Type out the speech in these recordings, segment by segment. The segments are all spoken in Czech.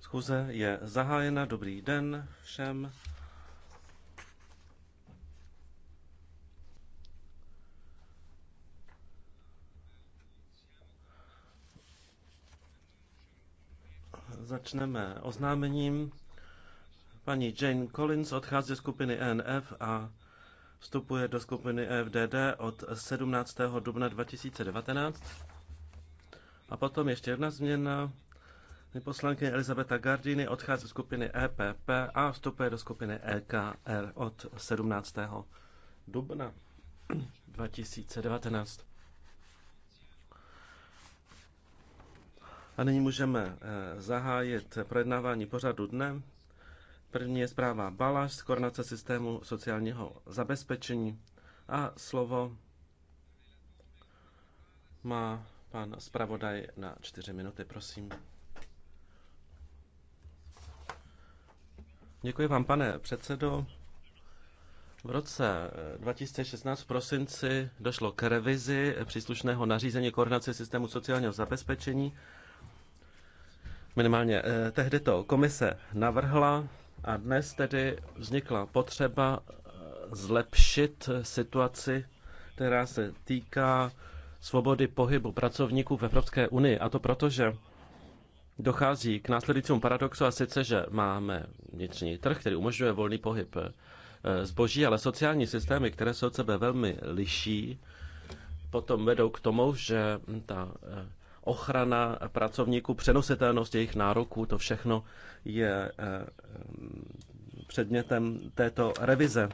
Schůze je zahájena. Dobrý den všem. Začneme oznámením. Paní Jane Collins odchází ze skupiny ENF a vstupuje do skupiny EFDD od 17. dubna 2019. A potom ještě jedna změna. Poslankyně Elizabeta Gardini odchází z skupiny EPP a vstupuje do skupiny EKR od 17. dubna 2019. A nyní můžeme eh, zahájit projednávání pořadu dne. První je zpráva Balaš z koordinace systému sociálního zabezpečení. A slovo má pan zpravodaj na čtyři minuty, prosím. Děkuji vám, pane předsedo. V roce 2016 eh, v prosinci došlo k revizi příslušného nařízení koordinace systému sociálního zabezpečení. Minimálně eh, tehdy to komise navrhla a dnes tedy vznikla potřeba eh, zlepšit situaci, která se týká svobody pohybu pracovníků v Evropské unii. A to proto, že dochází k následujícímu paradoxu a sice, že máme vnitřní trh, který umožňuje volný pohyb eh, zboží, ale sociální systémy, které se od sebe velmi liší, potom vedou k tomu, že ta eh, ochrana pracovníků, přenositelnost jejich nároků, to všechno je eh, předmětem této revize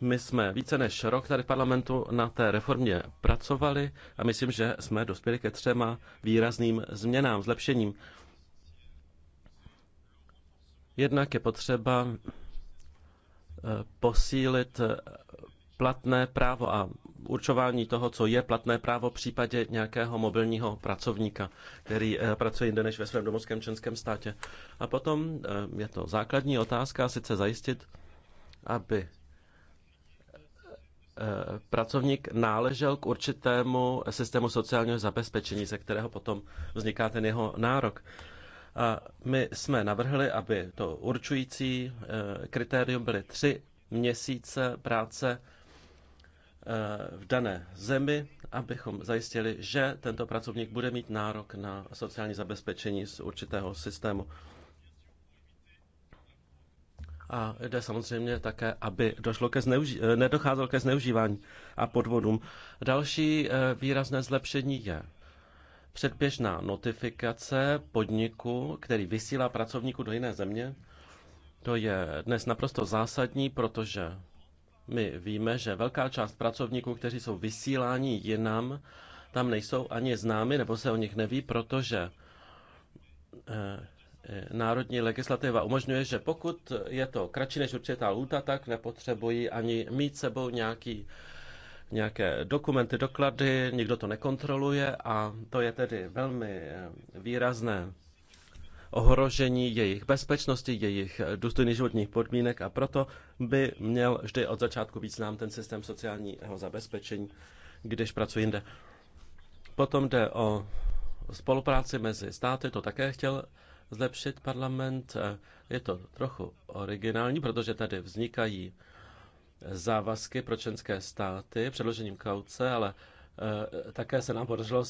my jsme více než rok tady v parlamentu na té reformě pracovali a myslím, že jsme dospěli ke třema výrazným změnám, zlepšením. Jednak je potřeba eh, posílit eh, platné právo a určování toho, co je platné právo v případě nějakého mobilního pracovníka, který eh, pracuje jinde než ve svém domovském členském státě. A potom je to základní otázka, sice zajistit, aby Eh, pracovník náležel k určitému systému sociálního zabezpečení, ze kterého potom vzniká ten jeho nárok. A my jsme navrhli, aby to určující eh, kritérium byly tři měsíce práce eh, v dané zemi, abychom zajistili, že tento pracovník bude mít nárok na sociální zabezpečení z určitého systému a jde samozřejmě také, aby došlo ke zneuži- eh, nedocházelo ke zneužívání a podvodům. Další eh, výrazné zlepšení je předběžná notifikace podniku, který vysílá pracovníku do jiné země. To je dnes naprosto zásadní, protože my víme, že velká část pracovníků, kteří jsou vysíláni jinam, tam nejsou ani známy, nebo se o nich neví, protože eh, Eh, národní legislativa umožňuje, že pokud je to kratší než určitá lůta, tak nepotřebují ani mít sebou nějaký, nějaké dokumenty, doklady, nikdo to nekontroluje a to je tedy velmi eh, výrazné ohrožení jejich bezpečnosti, jejich eh, důstojných životních podmínek a proto by měl vždy od začátku být znám ten systém sociálního zabezpečení, když pracuji jinde. Potom jde o spolupráci mezi státy, to také chtěl zlepšit parlament. Eh, je to trochu originální, protože tady vznikají závazky pro členské státy předložením kauce, ale eh, také se nám podařilo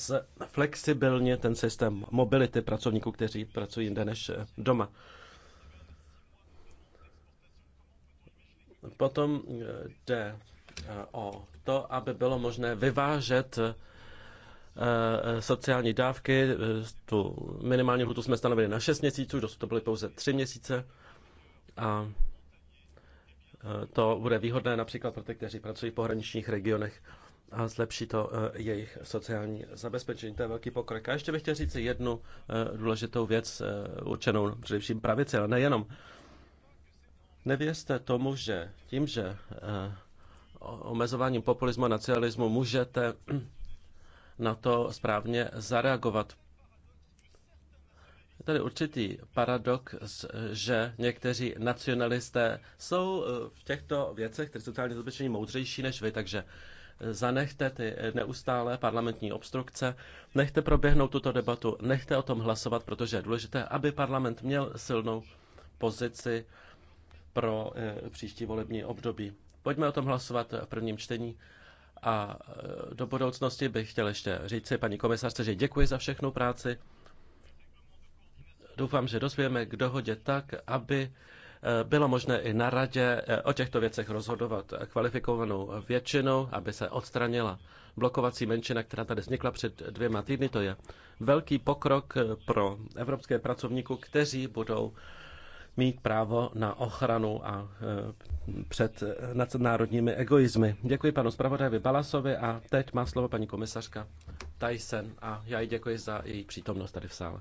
flexibilně ten systém mobility pracovníků, kteří pracují jinde než eh, doma. Potom jde o to, aby bylo možné vyvážet Eh, eh, sociální dávky. Eh, tu minimální lhutu jsme stanovili na 6 měsíců, dosud to byly pouze 3 měsíce. A to bude výhodné například pro ty, kteří pracují v pohraničních regionech a zlepší to jejich sociální zabezpečení. To je velký pokrok. A ještě bych chtěl říct jednu důležitou věc, určenou především pravici, ale nejenom. Nevěřte tomu, že tím, že omezováním populismu a nacionalismu můžete na to správně zareagovat. Je tady určitý paradox, že někteří nacionalisté jsou eh, v těchto věcech, které jsou totálně zabezpečení, moudřejší než vy, takže eh, zanechte ty neustálé parlamentní obstrukce, nechte proběhnout tuto debatu, nechte o tom hlasovat, protože je důležité, aby parlament měl silnou pozici pro eh, příští volební období. Pojďme o tom hlasovat v prvním čtení. A e, do budoucnosti bych chtěl ještě si paní komisařce, že děkuji za všechnu práci. Doufám, že dospějeme k dohodě tak, aby e, bylo možné i na radě e, o těchto věcech rozhodovat kvalifikovanou většinou, aby se odstranila blokovací menšina, která tady vznikla před dvěma týdny. To je velký pokrok pro evropské pracovníku, kteří budou mít právo na ochranu a e, před e, nadnárodními egoizmy. Děkuji panu zpravodajovi Balasovi a teď má slovo paní komisařka Tyson a já jí děkuji za její přítomnost tady v sále.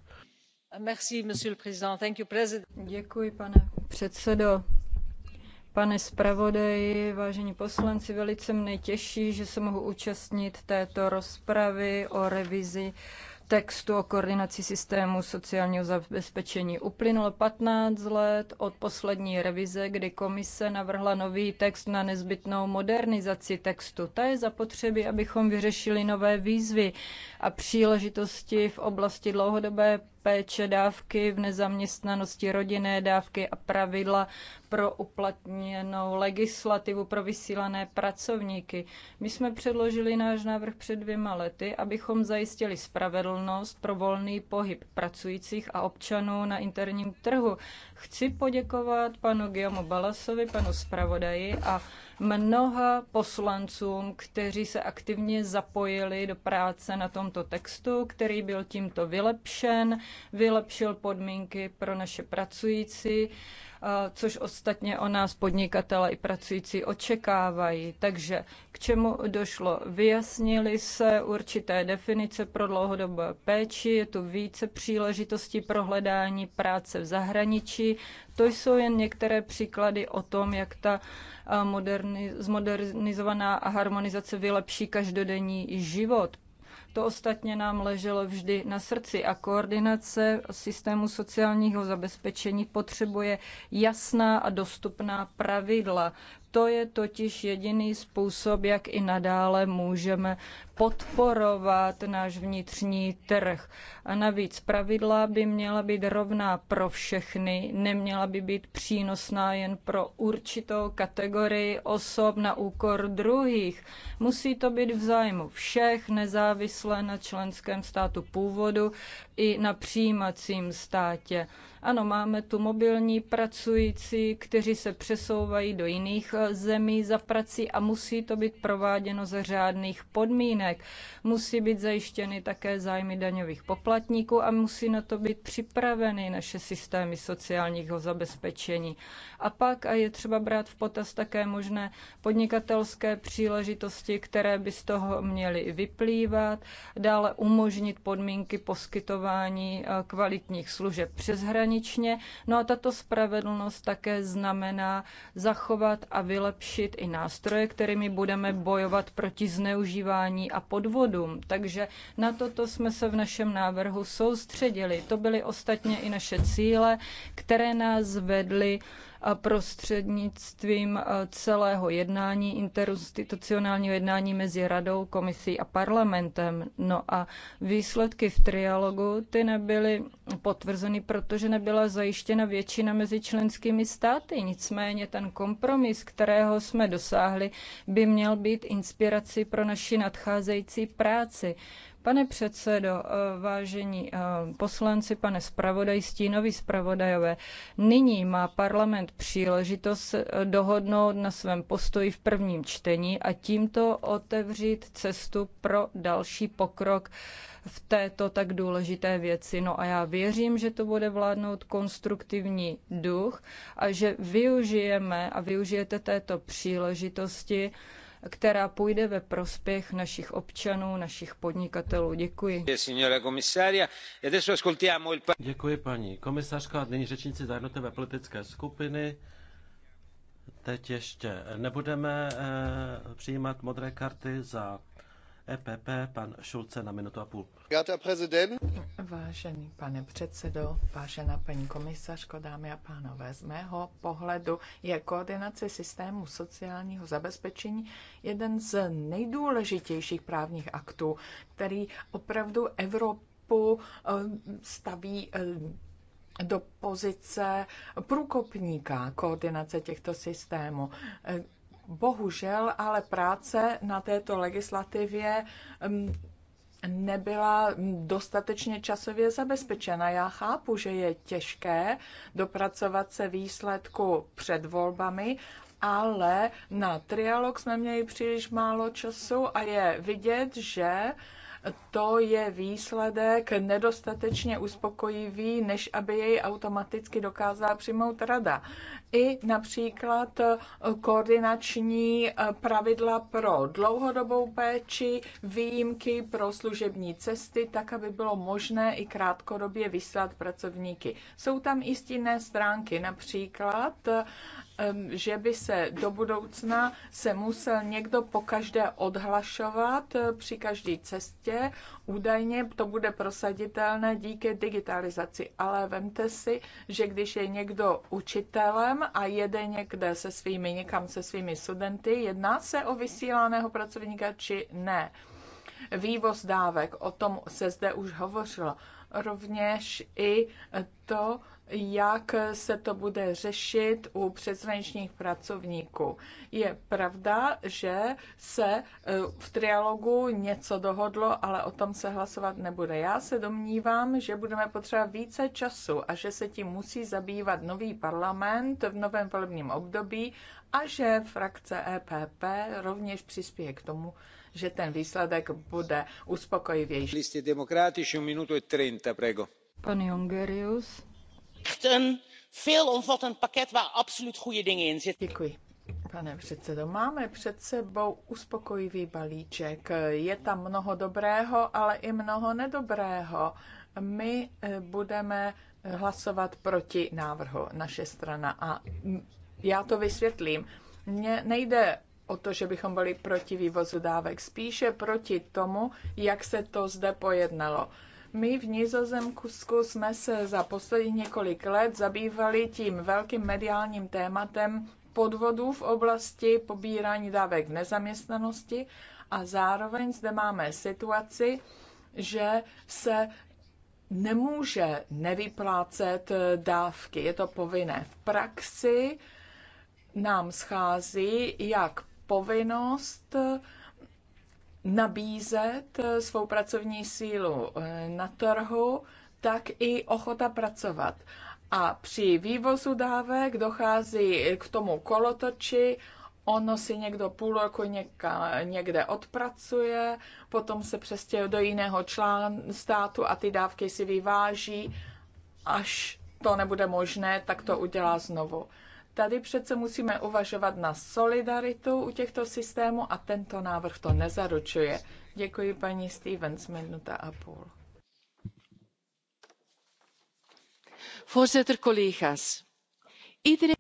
Merci, monsieur le président. Thank you, president. Děkuji, pane předsedo. Pane zpravodaji, vážení poslanci, velice mne těší, že se mohu účastnit této rozpravy o revizi textu o koordinaci systému sociálního zabezpečení. Uplynulo 15 let od poslední revize, kdy komise navrhla nový text na nezbytnou modernizaci textu. Ta je zapotřebí, abychom vyřešili nové výzvy a příležitosti v oblasti dlouhodobé péče, dávky v nezaměstnanosti, rodinné dávky a pravidla pro uplatněnou legislativu pro vysílané pracovníky. My jsme předložili náš návrh před dvěma lety, abychom zajistili spravedlnost pro volný pohyb pracujících a občanů na interním trhu. Chci poděkovat panu Guillaume Balasovi, panu zpravodaji a mnoha poslancům, kteří se aktivně zapojili do práce na tomto textu, který byl tímto vylepšen, vylepšil podmínky pro naše pracující Eh, což ostatně o nás podnikatele i pracující očekávají. Takže k čemu došlo? Vyjasnili se určité definice pro dlouhodobé péči, je tu více příležitostí pro hledání práce v zahraničí. To jsou jen některé příklady o tom, jak ta eh, moderni- zmodernizovaná harmonizace vylepší každodenní život. To ostatně nám leželo vždy na srdci a koordinace systému sociálního zabezpečení potřebuje jasná a dostupná pravidla to je totiž jediný způsob, jak i nadále můžeme podporovat náš vnitřní trh. A navíc pravidla by měla být rovná pro všechny, neměla by být přínosná jen pro určitou kategorii osob na úkor druhých. Musí to být v zájmu všech, nezávisle na členském státu původu i na přijímacím státě. Ano, máme tu mobilní pracující, kteří se přesouvají do jiných eh, zemí za prací a musí to být prováděno za řádných podmínek. Musí být zajištěny také zájmy daňových poplatníků a musí na to být připraveny naše systémy sociálního zabezpečení. A pak a je třeba brát v potaz také možné podnikatelské příležitosti, které by z toho měly vyplývat, dále umožnit podmínky poskytování eh, kvalitních služeb přes hranice přeshraničně. No a tato spravedlnost také znamená zachovat a vylepšit i nástroje, kterými budeme bojovat proti zneužívání a podvodům. Takže na toto jsme se v našem návrhu soustředili. To byly ostatně i naše cíle, které nás vedly prostřednictvím celého jednání, interinstitucionálního jednání mezi radou, komisí a parlamentem. No a výsledky v trialogu ty nebyly potvrzeny, protože nebyla zajištěna většina mezi členskými státy. Nicméně ten kompromis, kterého jsme dosáhli, by měl být inspirací pro naši nadcházející práci. Pane předsedo, eh, vážení eh, poslanci, pane zpravodaj, stínoví zpravodajové, nyní má parlament příležitost eh, dohodnout na svém postoji v prvním čtení a tímto otevřít cestu pro další pokrok v této tak důležité věci. No a já věřím, že to bude vládnout konstruktivní duch a že využijeme a využijete této příležitosti, která půjde ve prospěch našich občanů, našich podnikatelů. Děkuji. E Děkuji paní A Nyní řečníci za jednotlivé politické skupiny. Teď ještě nebudeme eh, přijímat modré karty za EPP, pan Šulce na minutu a půl. Vážený pane předsedo, vážená paní komisařko, dámy a pánové, z mého pohledu je koordinace systému sociálního zabezpečení jeden z nejdůležitějších právních aktů, který opravdu Evropu eh, staví eh, do pozice průkopníka koordinace těchto systémů. Eh, bohužel ale práce na této legislativě mm, nebyla dostatečně časově zabezpečena. Já chápu, že je těžké dopracovat se výsledku před volbami, ale na trialog jsme měli příliš málo času a je vidět, že to je výsledek nedostatečně uspokojivý, než aby jej automaticky dokázala přijmout rada. I například eh, koordinační eh, pravidla pro dlouhodobou péči, výjimky pro služební cesty, tak, aby bylo možné i krátkodobě vyslat pracovníky. Jsou tam i stránky, například že by se do budoucna se musel někdo po každé odhlašovat eh, při každé cestě. Údajně to bude prosaditelné díky digitalizaci, ale vemte si, že když je někdo učitelem a jede někde se svými, někam se svými studenty, jedná se o vysíláného pracovníka či ne. Vývoz dávek, o tom se zde už hovořilo. Rovněž i to, jak se to bude řešit u přeshraničních pracovníků. Je pravda, že se e, v trialogu něco dohodlo, ale o tom se hlasovat nebude. Já se domnívám, že budeme potřebovat více času a že se tím musí zabývat nový parlament v novém volebním období a že frakce EPP rovněž přispěje k tomu, že ten výsledek bude uspokojivější. 30, e Pan Ten Děkuji. Pane předsedo, máme před sebou uspokojivý balíček. Je tam mnoho dobrého, ale i mnoho nedobrého. My eh, budeme hlasovat proti návrhu naše strana a já to vysvětlím. Mně nejde o to, že bychom byli proti vývozu dávek, spíše proti tomu, jak se to zde pojednalo. My v Nizozemsku jsme se za poslední několik let zabývali tím velkým mediálním tématem podvodů v oblasti pobírání dávek v nezaměstnanosti a zároveň zde máme situaci, že se nemůže nevyplácet dávky. Je to povinné. V praxi nám schází jak povinnost nabízet svou pracovní sílu na trhu, tak i ochota pracovat. A při vývozu dávek dochází k tomu kolotoči, ono si někdo půl roku něka, někde odpracuje, potom se přestěhuje do jiného člán státu a ty dávky si vyváží, až to nebude možné, tak to udělá znovu. Tady přece musíme uvažovat na solidaritu u těchto systémů a tento návrh to nezaručuje. Děkuji paní Stevens, minuta a půl. Voorzitter, collega's. Iedereen...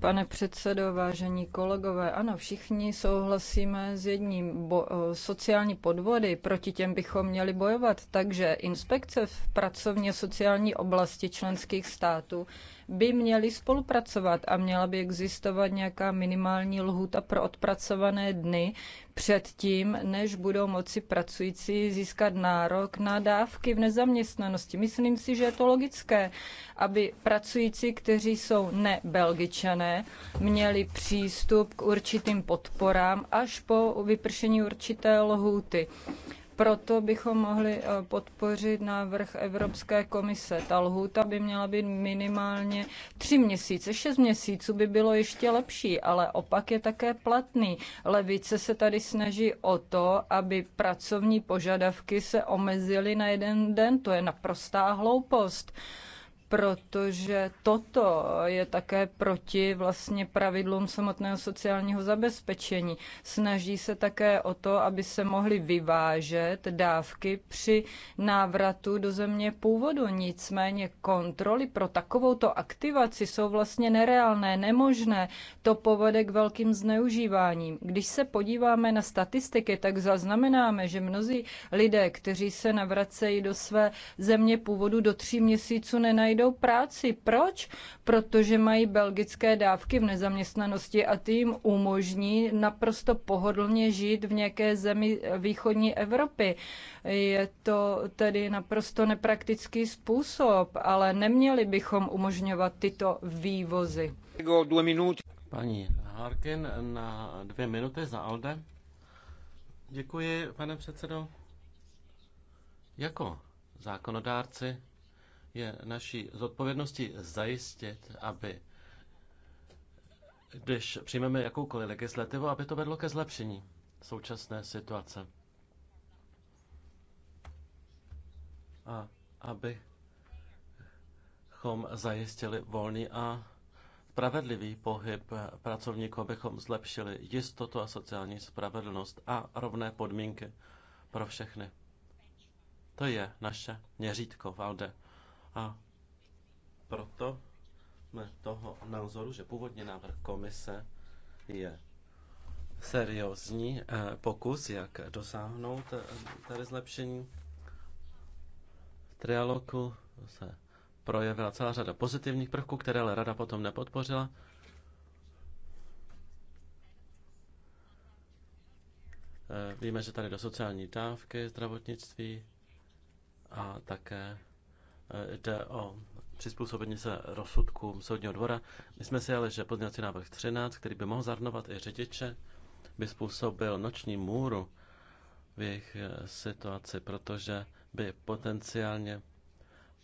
pane předsedo, vážení kolegové, ano, všichni souhlasíme s jedním. Bo, sociální podvody, proti těm bychom měli bojovat, takže inspekce v pracovně sociální oblasti členských států by měly spolupracovat a měla by existovat nějaká minimální lhůta pro odpracované dny předtím, než budou moci pracující získat nárok na dávky v nezaměstnanosti. Myslím si, že je to logické, aby pracující, kteří jsou nebelgičané, měli přístup k určitým podporám až po vypršení určité lhůty. Proto bychom mohli eh, podpořit návrh Evropské komise. Ta lhůta by měla být minimálně tři měsíce. Šest měsíců by bylo ještě lepší, ale opak je také platný. Levice se tady snaží o to, aby pracovní požadavky se omezily na jeden den. To je naprostá hloupost protože toto je také proti vlastně pravidlům samotného sociálního zabezpečení. Snaží se také o to, aby se mohly vyvážet dávky při návratu do země původu. Nicméně kontroly pro takovouto aktivaci jsou vlastně nereálné, nemožné. To povede k velkým zneužíváním. Když se podíváme na statistiky, tak zaznamenáme, že mnozí lidé, kteří se navracejí do své země původu do tří měsíců, nenajdou najdou práci. Proč? Protože mají belgické dávky v nezaměstnanosti a ty jim umožní naprosto pohodlně žít v nějaké zemi východní Evropy. Je to tedy naprosto nepraktický způsob, ale neměli bychom umožňovat tyto vývozy. Paní Harkin na dvě minuty za Alde. Děkuji, pane předsedo. Jako zákonodárci je naší zodpovědností zajistit, aby když přijmeme jakoukoliv legislativu, aby to vedlo ke zlepšení současné situace. A aby abychom zajistili volný a spravedlivý pohyb pracovníků, abychom zlepšili jistotu a sociální spravedlnost a rovné podmínky pro všechny. To je naše měřítko, Valde. A proto jsme toho názoru, že původní návrh komise je seriózní eh, pokus, jak dosáhnout eh, tady zlepšení. V trialogu se projevila celá řada pozitivních prvků, které ale rada potom nepodpořila. Eh, víme, že tady do sociální dávky, zdravotnictví a také jde o přizpůsobení se rozsudkům soudního dvora. My jsme si ale, že pozměňovací návrh 13, který by mohl zahrnovat i řidiče, by způsobil noční můru v jejich eh, situaci, protože by potenciálně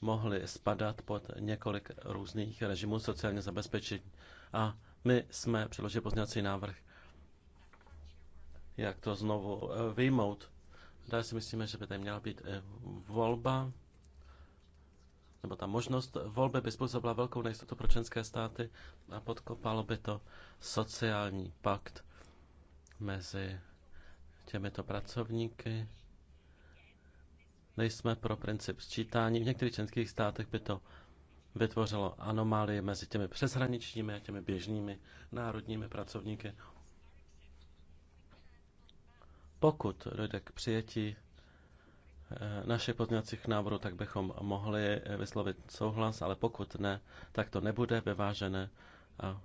mohli spadat pod několik různých režimů sociálně zabezpečení. A my jsme předložili pozměňovací návrh, jak to znovu eh, vyjmout. Dále si myslíme, že by tady měla být eh, volba nebo ta možnost volby by způsobila velkou nejistotu pro členské státy a podkopalo by to sociální pakt mezi těmito pracovníky. Nejsme pro princip sčítání. V některých členských státech by to vytvořilo anomálie mezi těmi přeshraničními a těmi běžnými národními pracovníky. Pokud dojde k přijetí Eh, našich pozměňovacích návrhů, tak bychom mohli vyslovit souhlas, ale pokud ne, tak to nebude vyvážené a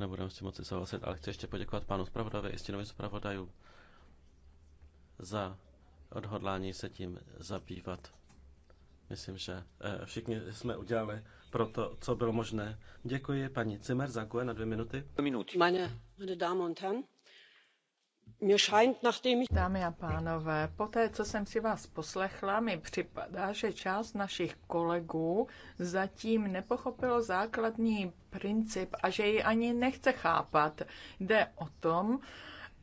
nebudeme s tím moci souhlasit. Ale chci ještě poděkovat panu zpravodajovi i stínovým zpravodajům za odhodlání se tím zabývat. Myslím, že eh, všichni jsme udělali pro to, co bylo možné. Děkuji paní Cimer za na dvě minuty. Dvě Minuty. Meine, meine Damen und Herren. Dámy a pánové, po té, co jsem si vás poslechla, mi připadá, že část našich kolegů zatím nepochopilo základní princip a že ji ani nechce chápat. Jde o tom,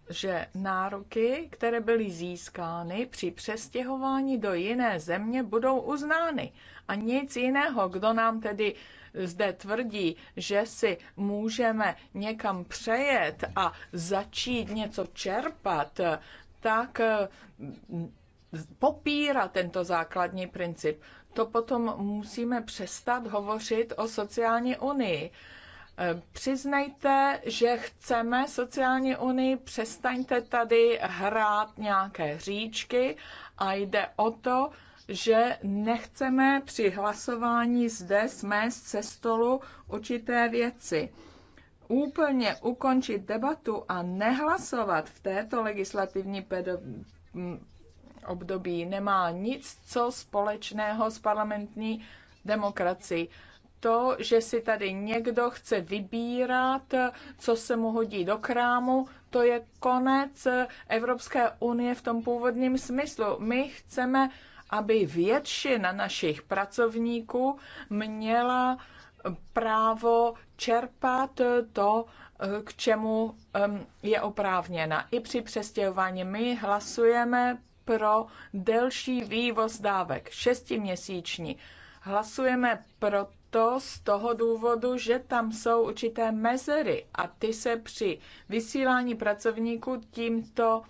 že nároky, které byly získány při přestěhování do jiné země, budou uznány. A nic jiného, kdo nám tedy uh, zde tvrdí, že si můžeme někam přejet a začít něco čerpat, tak eh, popírá tento základní princip. To potom musíme přestat hovořit o sociální unii. Eh, přiznejte, že chceme sociální unii, přestaňte tady hrát nějaké říčky a jde o to, že nechceme při hlasování zde smést se stolu určité věci. Úplně ukončit debatu a nehlasovat v této legislativní pedo období nemá nic co společného s parlamentní demokracií. To, že si tady někdo chce vybírat, co se mu hodí do krámu, to je konec Evropské unie v tom původním smyslu. My chceme aby většina našich pracovníků měla právo čerpat to, k čemu je oprávněna. I při přestěhování my hlasujeme pro delší vývoz dávek, šestiměsíční. Hlasujeme pro to z toho důvodu, že tam jsou určité mezery a ty se při vysílání pracovníků tímto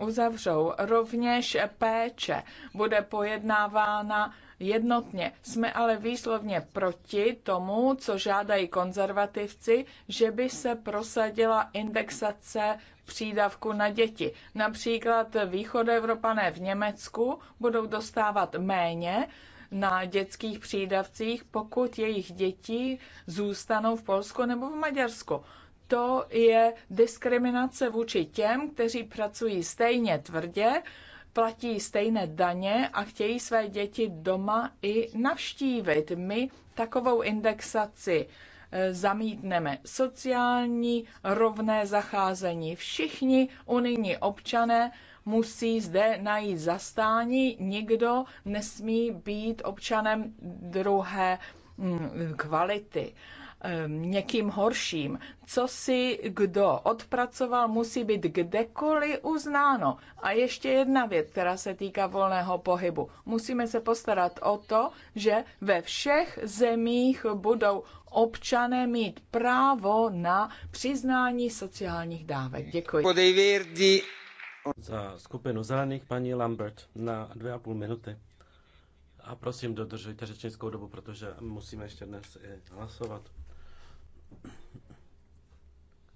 uzavřou. Rovněž péče bude pojednávána jednotně. Jsme ale výslovně proti tomu, co žádají konzervativci, že by se prosadila indexace přídavku na děti. Například východoevropané v Německu budou dostávat méně na dětských přídavcích, pokud jejich děti zůstanou v Polsku nebo v Maďarsku to je diskriminace vůči těm, kteří pracují stejně tvrdě, platí stejné daně a chtějí své děti doma i navštívit. My takovou indexaci eh, zamítneme. Sociální rovné zacházení. Všichni unijní občané musí zde najít zastání. Nikdo nesmí být občanem druhé mm, kvality. Um, někým horším. Co si kdo odpracoval, musí být kdekoliv uznáno. A ještě jedna věc, která se týká volného pohybu. Musíme se postarat o to, že ve všech zemích budou občané mít právo na přiznání sociálních dávek. Děkuji. Podejvěrdi. Za skupinu zelených paní Lambert na dvě a půl minuty. A prosím, dodržujte řečnickou dobu, protože musíme ještě dnes i hlasovat.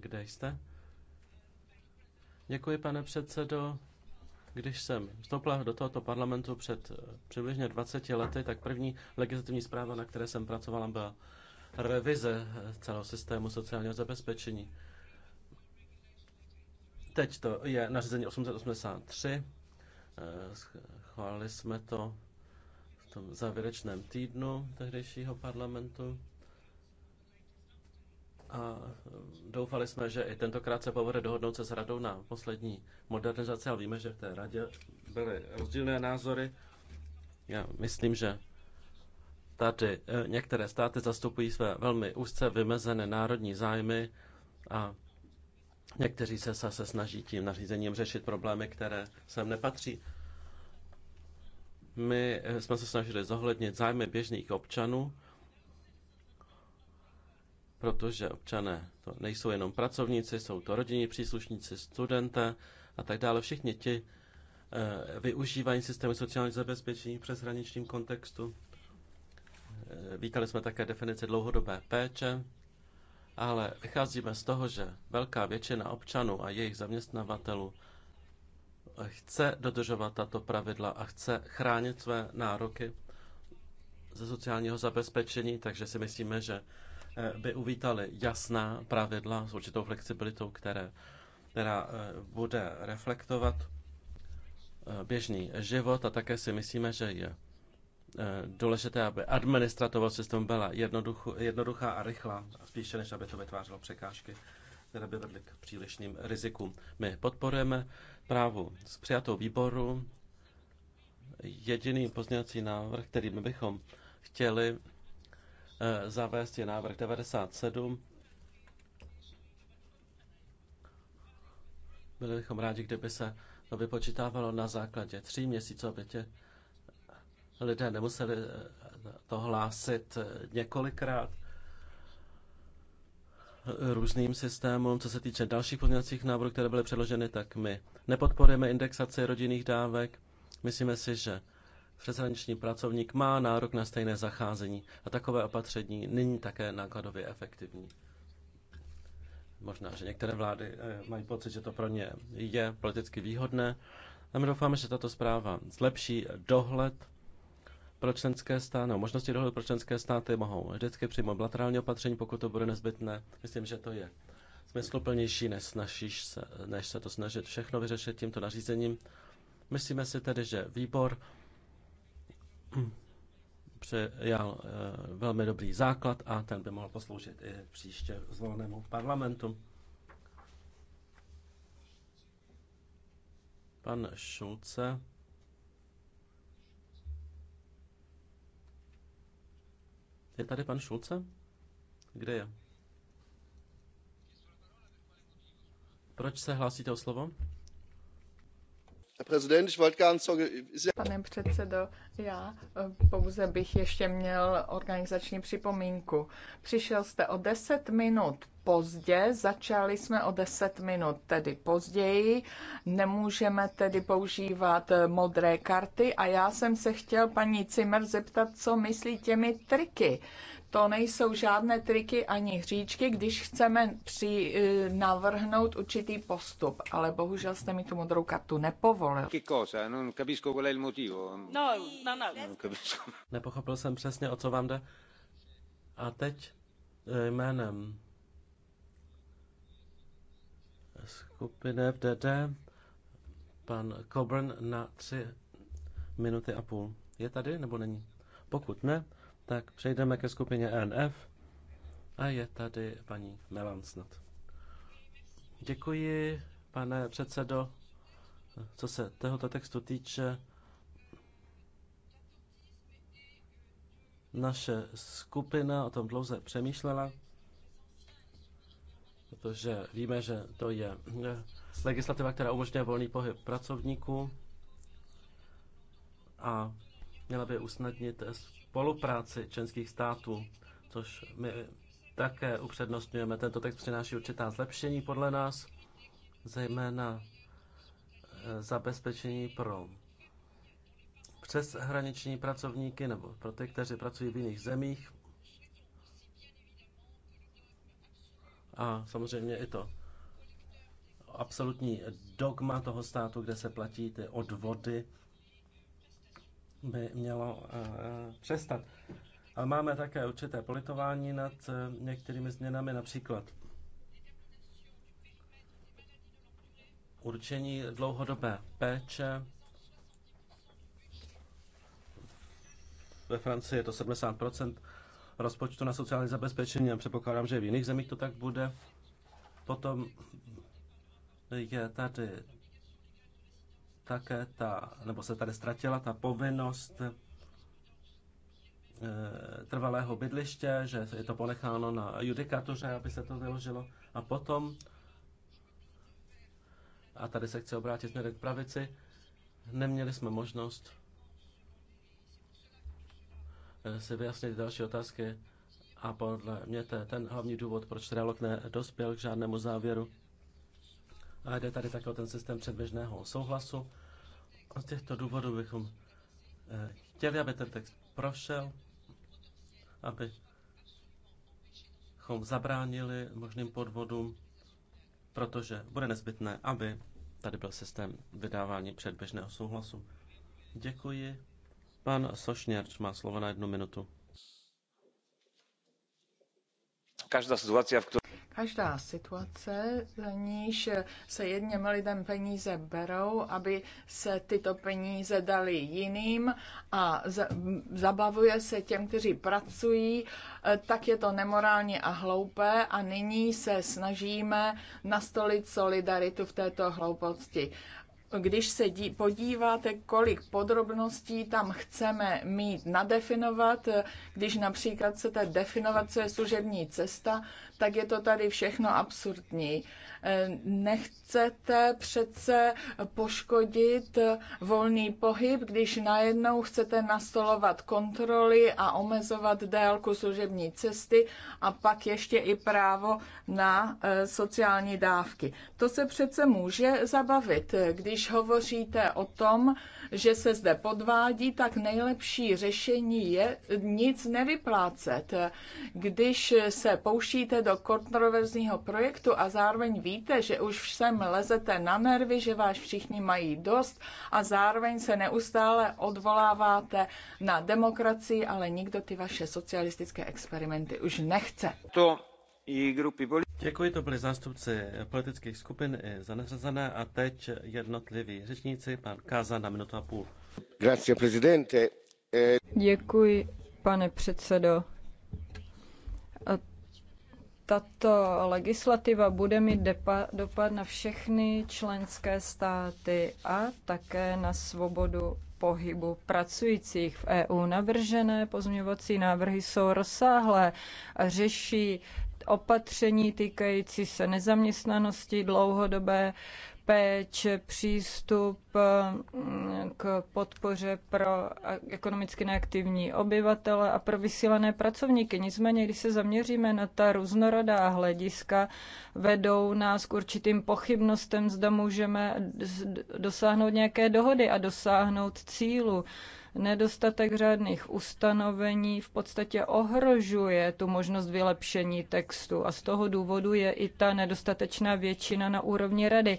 Kde jste? Děkuji, pane předsedo. Když jsem vstoupil do tohoto parlamentu před eh, přibližně 20 lety, tak první legislativní zpráva, na které jsem pracovala, byla revize eh, celého systému sociálního zabezpečení. Teď to je nařízení 883. Eh, schválili jsme to v tom závěrečném týdnu tehdejšího parlamentu. A doufali jsme, že i tentokrát se povede dohodnout se s radou na poslední modernizaci, ale víme, že v té radě byly rozdílné názory. Já myslím, že tady eh, některé státy zastupují své velmi úzce vymezené národní zájmy a někteří se zase snaží tím nařízením řešit problémy, které sem nepatří. My eh, jsme se snažili zohlednit zájmy běžných občanů, protože občané to nejsou jenom pracovníci, jsou to rodinní příslušníci, studenté a tak dále. Všichni ti e, využívají systému sociálního zabezpečení v přeshraničním kontextu. E, vítali jsme také definici dlouhodobé péče, ale vycházíme z toho, že velká většina občanů a jejich zaměstnavatelů chce dodržovat tato pravidla a chce chránit své nároky ze sociálního zabezpečení, takže si myslíme, že Eh, by uvítali jasná pravidla s určitou flexibilitou, které, která eh, bude reflektovat eh, běžný život a také si myslíme, že je důležité, aby administrativa systém byla jednoduchá a rychlá, spíše než aby to vytvářelo překážky, které by vedly k přílišným rizikům. My podporujeme právu z přijatou výboru. Jediný pozměňovací návrh, který my bychom chtěli Eh, zavést je návrh 97. Byli bychom rádi, kdyby se to vypočítávalo na základě tří měsíců, aby tě lidé nemuseli eh, to hlásit eh, několikrát různým systémům. Co se týče dalších pozměňovacích návrhů, které byly předloženy, tak my nepodporujeme indexaci rodinných dávek. Myslíme si, že Přeshraniční pracovník má nárok na stejné zacházení a takové opatření není také nákladově efektivní. Možná, že některé vlády eh, mají pocit, že to pro ně je politicky výhodné. A my doufáme, že tato zpráva zlepší dohled pro členské státy, no, možnosti dohledu pro členské státy mohou vždycky přijmout bilaterální opatření, pokud to bude nezbytné. Myslím, že to je smysluplnější, než, se, než se to snažit všechno vyřešit tímto nařízením. Myslíme si tedy, že výbor Hmm. přijal eh, velmi dobrý základ a ten by mohl posloužit i příště zvolenému parlamentu. Pan Šulce. Je tady pan Šulce? Kde je? Proč se hlásíte o slovo? Pane předsedající já eh, pouze bych ještě měl organizační připomínku. Přišel jste o deset minut pozdě, začali jsme o deset minut tedy později, nemůžeme tedy používat eh, modré karty a já jsem se chtěl paní Cimer zeptat, co myslí těmi triky. To nejsou žádné triky ani hříčky, když chceme při, e, navrhnout určitý postup, ale bohužel jste mi tu modrou kartu nepovolil. No, no, no. Nepochopil jsem přesně, o co vám jde. A teď e, jménem skupiny FDD pan Coburn na tři minuty a půl. Je tady nebo není? Pokud ne, tak přejdeme ke skupině e NF a je tady paní Melan snad. Děkuji, pane předsedo. Co se tohoto textu týče, naše skupina o tom dlouze přemýšlela, protože víme, že to je legislativa, která umožňuje volný pohyb pracovníků a měla by usnadnit spolupráci členských států, což my také upřednostňujeme. Tento text přináší určitá zlepšení podle nás, zejména e, zabezpečení pro přeshraniční pracovníky nebo pro ty, kteří pracují v jiných zemích. A samozřejmě i to absolutní dogma toho státu, kde se platí ty odvody by mělo eh, přestat. Ale máme také určité politování nad eh, některými změnami, například určení dlouhodobé péče. Ve Francii je to 70 rozpočtu na sociální zabezpečení a předpokládám, že v jiných zemích to tak bude. Potom je tady také ta, nebo se tady ztratila ta povinnost eh, trvalého bydliště, že je to ponecháno na judikatuře, aby se to vyložilo. A potom, a tady se chci obrátit směrem k pravici, neměli jsme možnost eh, si vyjasnit další otázky a podle mě to je ten hlavní důvod, proč trialog nedospěl k žádnému závěru. A jde tady také o ten systém předběžného souhlasu. Z těchto důvodů bychom eh, chtěli, aby ten text prošel, abychom zabránili možným podvodům, protože bude nezbytné, aby tady byl systém vydávání předběžného souhlasu. Děkuji. Pan Sošněrč má slovo na jednu minutu. Každá situace, v které Každá situace, za níž se jedním lidem peníze berou, aby se tyto peníze dali jiným a zabavuje se těm, kteří pracují, eh, tak je to nemorální a hloupé a nyní se snažíme nastolit solidaritu v této hlouposti když se dí, podíváte, kolik podrobností tam chceme mít nadefinovat, eh, když například chcete definovat, co je služební cesta, tak je to tady všechno absurdní. Eh, nechcete přece poškodit volný pohyb, když najednou chcete nastolovat kontroly a omezovat délku služební cesty a pak ještě i právo na eh, sociální dávky. To se přece může zabavit. Když hovoříte o tom, že se zde podvádí, tak nejlepší řešení je nic nevyplácet. Když se pouštíte do do kontroverzního projektu a zároveň víte, že už sem lezete na nervy, že vás všichni mají dost a zároveň se neustále odvoláváte na demokracii, ale nikdo ty vaše socialistické experimenty už nechce. To i grupy Děkuji, to byli zástupci politických skupin i zaneřazené a teď jednotliví řečníci, pan Káza na minutu a půl. Grazie, prezidente. Eh, Děkuji, pane předsedo tato legislativa bude mít dopad na všechny členské státy a také na svobodu pohybu pracujících v EU. Navržené pozměňovací návrhy jsou rozsáhlé a řeší opatření týkající se nezaměstnanosti, dlouhodobé péče, přístup eh, k podpoře pro ekonomicky neaktivní obyvatele a pro vysílené pracovníky. Nicméně, když se zaměříme na ta různorodá hlediska, vedou nás k určitým pochybnostem, zda můžeme dosáhnout nějaké dohody a dosáhnout cílu nedostatek řádných ustanovení v podstatě ohrožuje tu možnost vylepšení textu a z toho důvodu je i ta nedostatečná většina na úrovni rady.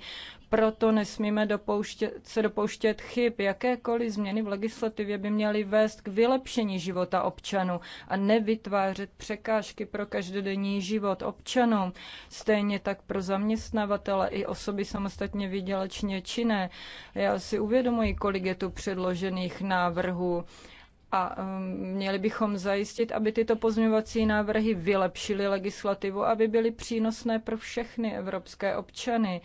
Proto nesmíme dopouštět, se dopouštět chyb. Jakékoliv změny v legislativě by měly vést k vylepšení života občanů a nevytvářet překážky pro každodenní život občanů. Stejně tak pro zaměstnavatele i osoby samostatně vydělečně činné. Já si uvědomuji, kolik je tu předložených návrhů a um, měli bychom zajistit, aby tyto pozměňovací návrhy vylepšily legislativu, aby byly přínosné pro všechny evropské občany.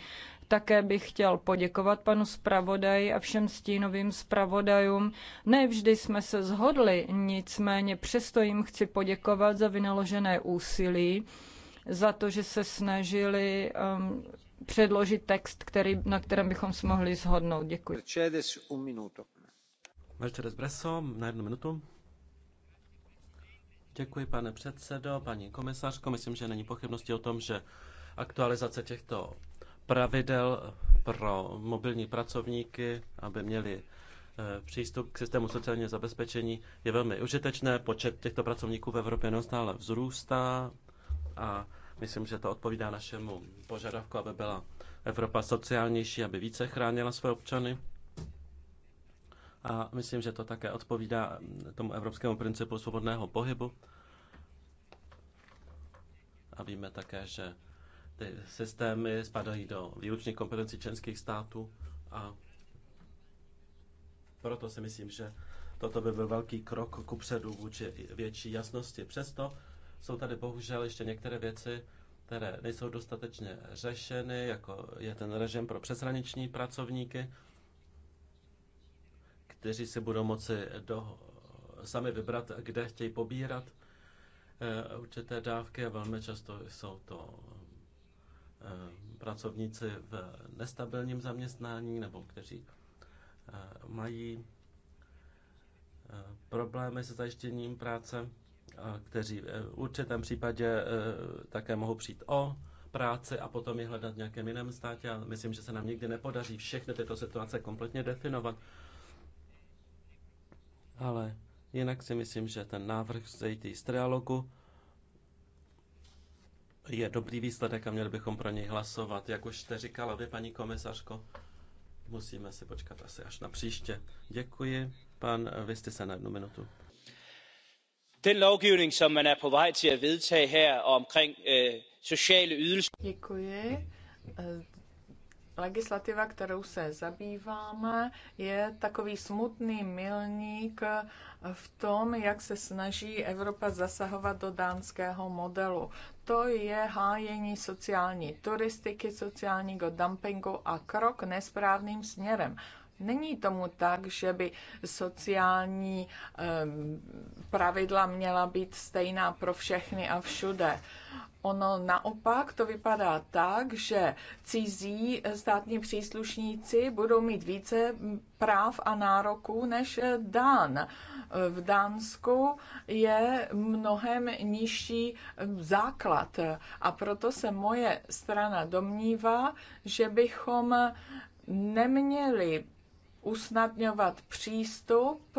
Také bych chtěl poděkovat panu zpravodaji a všem stínovým zpravodajům. Nevždy jsme se zhodli, nicméně přesto jim chci poděkovat za vynaložené úsilí, za to, že se snažili um, předložit text, který, na kterém bychom se mohli zhodnout. Děkuji. Mercedes Bresso, na jednu minutu. Děkuji, pane předsedo, paní komisařko. Myslím, že není pochybnosti o tom, že aktualizace těchto pravidel pro mobilní pracovníky, aby měli eh, přístup k systému sociálního zabezpečení je velmi užitečné. Počet těchto pracovníků v Evropě neustále vzrůstá a myslím, že to odpovídá našemu požadavku, aby byla Evropa sociálnější, aby více chránila své občany. A myslím, že to také odpovídá mm, tomu evropskému principu svobodného pohybu. A víme také, že ty systémy spadají do výlučných kompetencí členských států a proto si myslím, že toto by byl velký krok ku předu vůči větší jasnosti. Přesto jsou tady bohužel ještě některé věci, které nejsou dostatečně řešeny, jako je ten režim pro přeshraniční pracovníky, kteří si budou moci do, sami vybrat, kde chtějí pobírat eh, určité dávky a velmi často jsou to Eh, pracovníci v nestabilním zaměstnání nebo kteří eh, mají eh, problémy se zajištěním práce, kteří v určitém případě také mohou přijít o práci a potom je hledat v nějakém jiném státě. A myslím, že se nám nikdy nepodaří všechny tyto situace kompletně definovat. Ale jinak si myslím, že ten návrh vzejde z trialogu je dobrý výsledek a měli bychom pro něj hlasovat. Jak už jste říkala vy, paní komisařko, musíme si počkat asi až na příště. Děkuji. Pan Vy se na jednu minutu. Den lovgivning, som man er på vej til at vedtage her omkring øh, sociale ydelser. Děkuji legislativa, kterou se zabýváme, je takový smutný milník v tom, jak se snaží Evropa zasahovat do dánského modelu. To je hájení sociální turistiky, sociálního dumpingu a krok nesprávným směrem. Není tomu tak, že by sociální pravidla měla být stejná pro všechny a všude. Ono naopak to vypadá tak, že cizí státní příslušníci budou mít více práv a nároků než Dán. V Dánsku je mnohem nižší základ a proto se moje strana domnívá, že bychom neměli usnadňovat přístup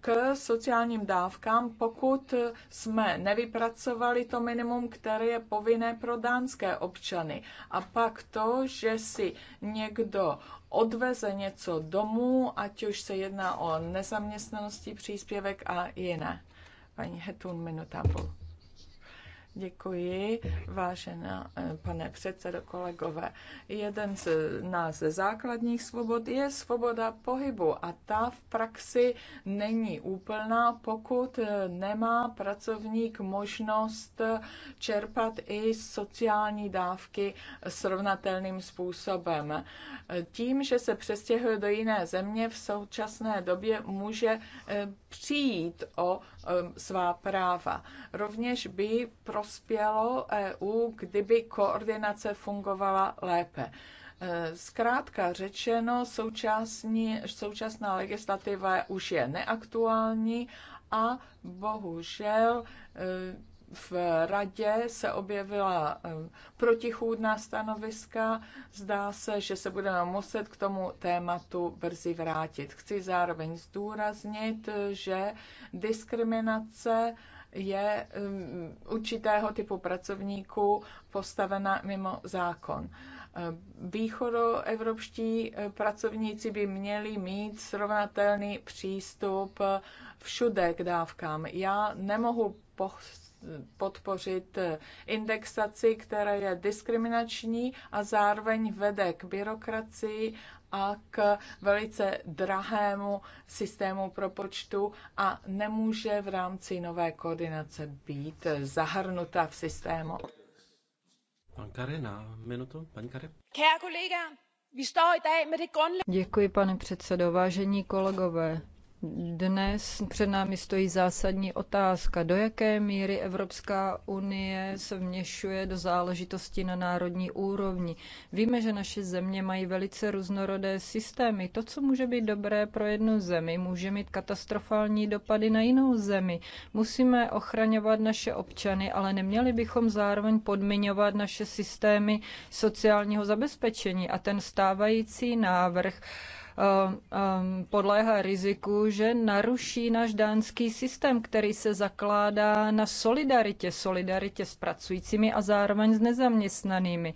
k sociálním dávkám, pokud jsme nevypracovali to minimum, které je povinné pro dánské občany. A pak to, že si někdo odveze něco domů, ať už se jedná o nezaměstnanosti, příspěvek a jiné. Paní Hetun, minuta půl. Děkuji, vážená eh, pane předsedo, kolegové. Jeden z nás základních svobod je svoboda pohybu a ta v praxi není úplná, pokud eh, nemá pracovník možnost eh, čerpat i sociální dávky srovnatelným způsobem. Tím, že se přestěhuje do jiné země, v současné době může přijít o svá práva. Rovněž by pro prospělo EU, kdyby koordinace fungovala lépe. E, zkrátka řečeno, současní, současná legislativa už je neaktuální a bohužel e, v radě se objevila e, protichůdná stanoviska. Zdá se, že se budeme muset k tomu tématu brzy vrátit. Chci zároveň zdůraznit, že diskriminace je um, určitého typu pracovníků postavena mimo zákon. Uh, východoevropští uh, pracovníci by měli mít srovnatelný přístup uh, všude k dávkám. Já nemohu podpořit indexaci, která je diskriminační a zároveň vede k byrokracii a k velice drahému systému propočtu a nemůže v rámci nové koordinace být zahrnuta v systému. Pan Karina, na minutu, paní Kare. Děkuji, pane předsedo. Vážení kolegové, dnes před námi stojí zásadní otázka, do jaké míry Evropská unie se vměšuje do záležitosti na národní úrovni. Víme, že naše země mají velice různorodé systémy. To, co může být dobré pro jednu zemi, může mít katastrofální dopady na jinou zemi. Musíme ochraňovat naše občany, ale neměli bychom zároveň podmiňovat naše systémy sociálního zabezpečení. A ten stávající návrh Eh, eh, podléhá riziku, že naruší náš dánský systém, který se zakládá na solidaritě, solidaritě s pracujícími a zároveň s nezaměstnanými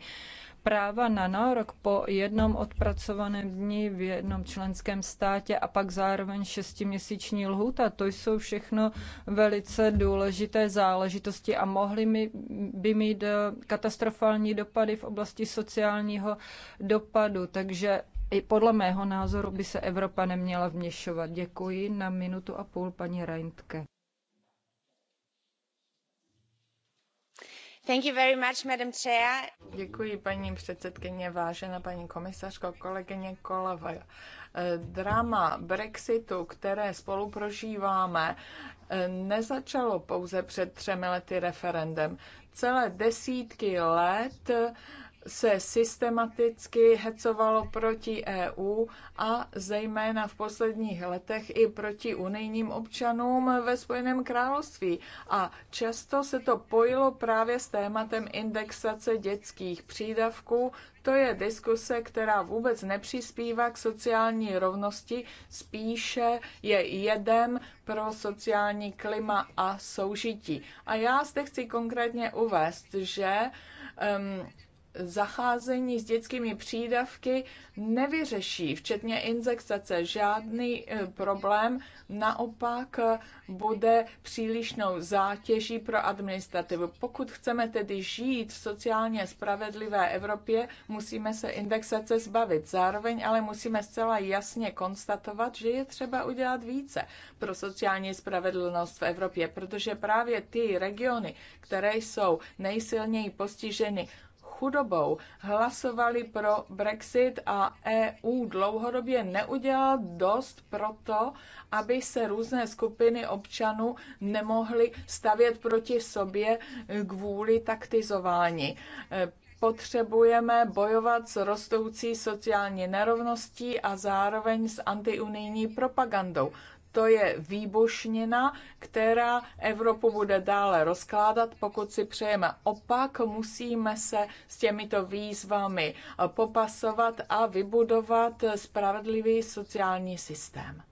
práva na nárok po jednom odpracovaném dni v jednom členském státě a pak zároveň šestiměsíční lhůta. To jsou všechno velice důležité záležitosti a mohly by mít eh, katastrofální dopady v oblasti sociálního dopadu. Takže i podle mého názoru by se Evropa neměla vměšovat. Děkuji na minutu a půl paní Reintke. Thank you very much, Madam Chair. Děkuji, paní předsedkyně, vážená paní komisařko, kolegyně Koleva. Eh, drama Brexitu, které spolu prožíváme, eh, nezačalo pouze před třemi lety referendem. Celé desítky let se systematicky hecovalo proti EU a zejména v posledních letech i proti unijním občanům ve Spojeném království. A často se to pojilo právě s tématem indexace dětských přídavků. To je diskuse, která vůbec nepřispívá k sociální rovnosti, spíše je jedem pro sociální klima a soužití. A já zde chci konkrétně uvést, že um, zacházení s dětskými přídavky nevyřeší, včetně inzektace, žádný e, problém. Naopak e, bude přílišnou zátěží pro administrativu. Pokud chceme tedy žít v sociálně spravedlivé Evropě, musíme se indexace zbavit. Zároveň ale musíme zcela jasně konstatovat, že je třeba udělat více pro sociální spravedlnost v Evropě, protože právě ty regiony, které jsou nejsilněji postiženy, chudobou, hlasovali pro Brexit a EU dlouhodobě neudělala dost pro to, aby se různé skupiny občanů nemohly stavět proti sobě kvůli taktizování potřebujeme bojovat s rostoucí sociální nerovností a zároveň s antiunijní propagandou to je výbušnina, která Evropu bude dále rozkládat. Pokud si přejeme opak, musíme se s těmito výzvami popasovat a vybudovat spravedlivý sociální systém.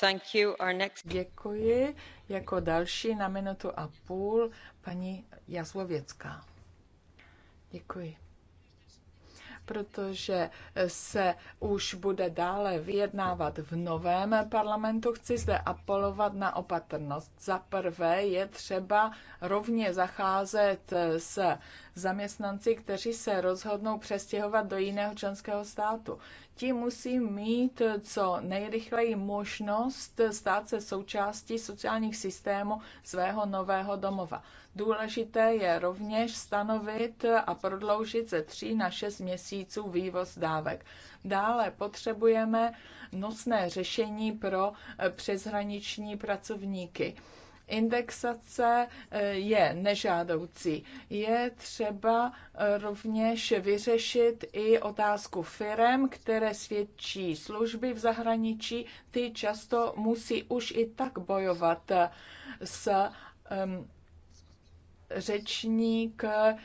Thank you. Our next... Děkuji. Jako další na minutu a půl paní Jazlověcká. Děkuji protože se už bude dále vyjednávat v novém parlamentu, chci zde apelovat na opatrnost. Za prvé je třeba rovně zacházet s zaměstnanci, kteří se rozhodnou přestěhovat do jiného členského státu. Ti musí mít co nejrychleji možnost stát se součástí sociálních systémů svého nového domova. Důležité je rovněž stanovit a prodloužit ze 3 na 6 měsíců vývoz dávek. Dále potřebujeme nosné řešení pro přeshraniční pracovníky Indexace eh, je nežádoucí. Je třeba eh, rovněž vyřešit i otázku firem, které svědčí služby v zahraničí. Ty často musí už i tak bojovat eh, s um, řečník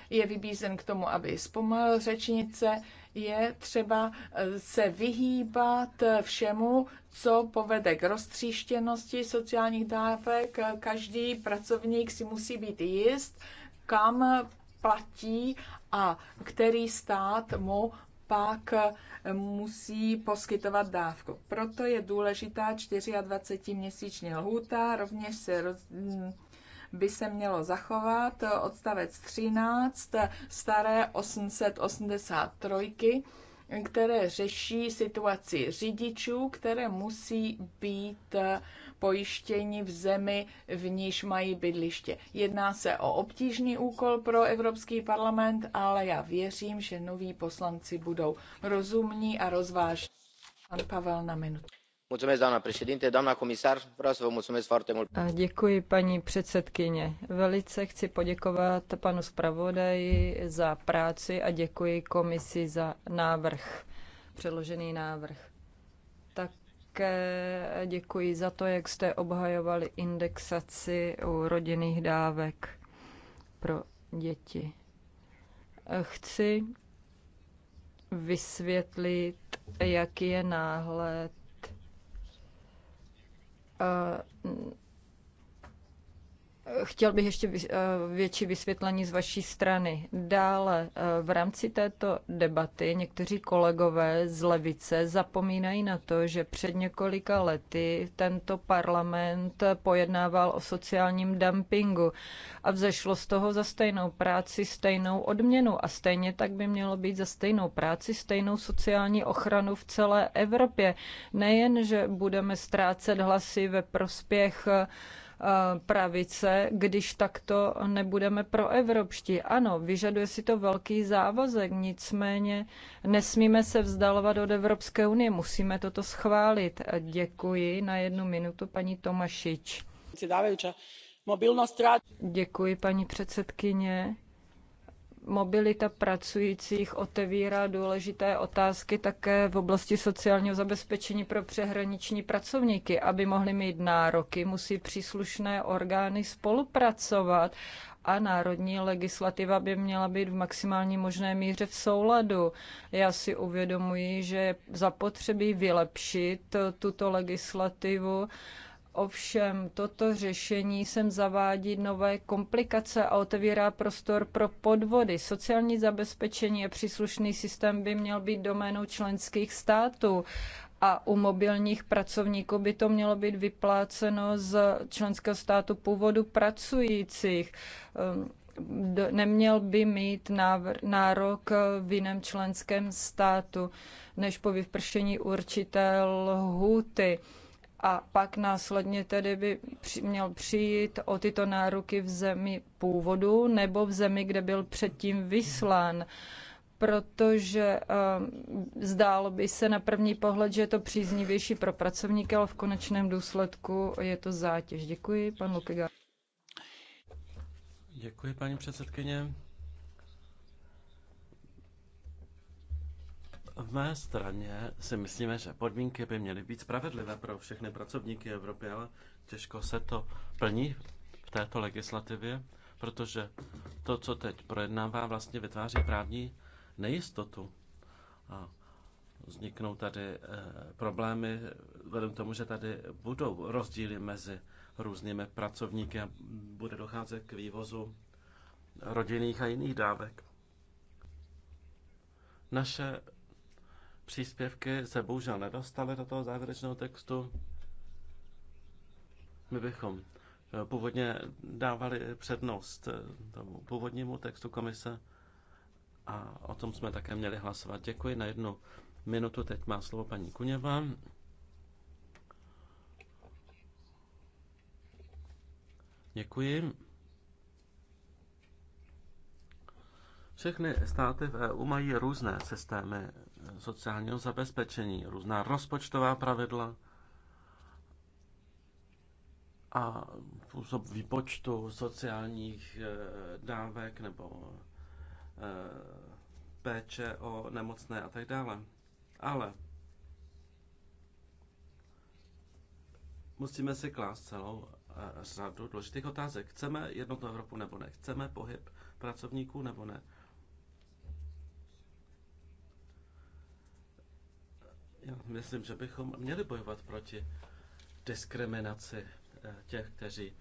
je vybízen k tomu, aby zpomalil řečnice, je třeba eh, se vyhýbat eh, všemu, co povede k roztříštěnosti sociálních dávek. Eh, každý pracovník si musí být jist, kam platí a který stát mu pak musí poskytovat dávku. Proto je důležitá 24-měsíční lhůta, rovněž se roz, mm, by se mělo zachovat eh, odstavec 13 staré 883, které řeší situaci řidičů, které musí být eh, pojištěni v zemi, v níž mají bydliště. Jedná se o obtížný úkol pro Evropský parlament, ale já věřím, že noví poslanci budou rozumní a rozvážní. Pan Pavel na minutu doamnă președintă doamnă comisar vreau să vă mulțumesc foarte mult. Děkuji paní předsedkyně. Velice chci poděkovat panu zpravodaji za práci a děkuji komisi za návrh, předložený návrh. Také děkuji za to, jak jste obhajovali indexaci u rodinných dávek pro děti. Chci vysvětlit, jaký je náhled uh, Chtěl bych ještě eh, větší vysvětlení z vaší strany. Dále eh, v rámci této debaty někteří kolegové z levice zapomínají na to, že před několika lety tento parlament pojednával o sociálním dumpingu a vzešlo z toho za stejnou práci stejnou odměnu a stejně tak by mělo být za stejnou práci stejnou sociální ochranu v celé Evropě. Nejen, že budeme ztrácet hlasy ve prospěch eh, Eh, pravice, když takto nebudeme proevropští. Ano, vyžaduje si to velký závazek, nicméně nesmíme se vzdalovat od Evropské unie, musíme toto schválit. Děkuji na jednu minutu paní Tomašič. Děkuji, paní předsedkyně mobilita pracujících otevírá důležité otázky také v oblasti sociálního zabezpečení pro přehraniční pracovníky. Aby mohli mít nároky, musí příslušné orgány spolupracovat a národní legislativa by měla být v maximální možné míře v souladu. Já si uvědomuji, že zapotřebí vylepšit tuto legislativu Ovšem toto řešení sem zavádí nové komplikace a otevírá prostor pro podvody. Sociální zabezpečení a příslušný systém by měl být doménou členských států a u mobilních pracovníků by to mělo být vypláceno z členského státu původu pracujících. Ehm, neměl by mít nárok v jiném členském státu než po vypršení určité lhuty a pak následně tedy by měl přijít o tyto nároky v zemi původu nebo v zemi, kde byl předtím vyslán protože uh, zdálo by se na první pohled, že je to příznivější pro pracovníky, ale v konečném důsledku je to zátěž. Děkuji, pan Lukiga. Děkuji, paní předsedkyně. V mé straně si myslíme, že podmínky by měly být spravedlivé pro všechny pracovníky Evropy, ale těžko se to plní v této legislativě, protože to, co teď projednává, vlastně vytváří právní nejistotu. A vzniknou tady eh, problémy vedem k tomu, že tady budou rozdíly mezi různými pracovníky a bude docházet k vývozu rodinných a jiných dávek. Naše příspěvky se bohužel nedostaly do toho závěrečného textu. My bychom eh, původně dávali přednost eh, tomu původnímu textu komise a o tom jsme také měli hlasovat. Děkuji na jednu minutu. Teď má slovo paní Kuněva. Děkuji. Všechny státy v EU mají různé systémy sociálního zabezpečení, různá rozpočtová pravidla a způsob výpočtu sociálních eh, dávek nebo eh, péče o nemocné a tak dále. Ale musíme si klást celou eh, řadu důležitých otázek. Chceme jednotnou Evropu nebo ne? Chceme pohyb pracovníků nebo ne? Já myslím, že bychom měli bojovat proti diskriminaci eh, těch, kteří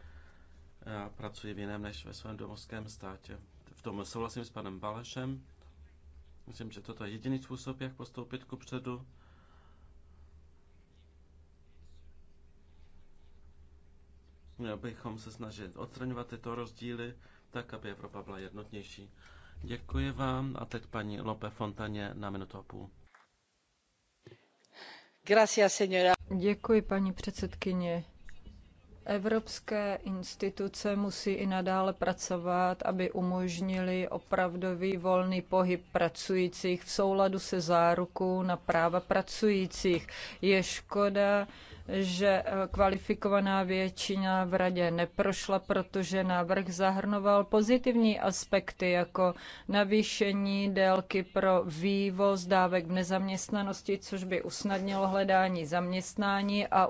eh, pracují v jiném než ve svém domovském státě. V tom souhlasím s panem Balešem. Myslím, že toto je jediný způsob, jak postoupit ku předu. Měl bychom se snažit odstraňovat tyto rozdíly, tak aby Evropa byla jednotnější. Děkuji vám a teď paní Lope Fontaně na minutu a půl. Děkuji, paní předsedkyně. Evropské instituce musí i nadále pracovat, aby umožnily opravdový volný pohyb pracujících v souladu se zárukou na práva pracujících. Je škoda, že eh, kvalifikovaná většina v radě neprošla, protože návrh zahrnoval pozitivní aspekty jako navýšení délky pro vývoz dávek v nezaměstnanosti, což by usnadnilo hledání zaměstnání a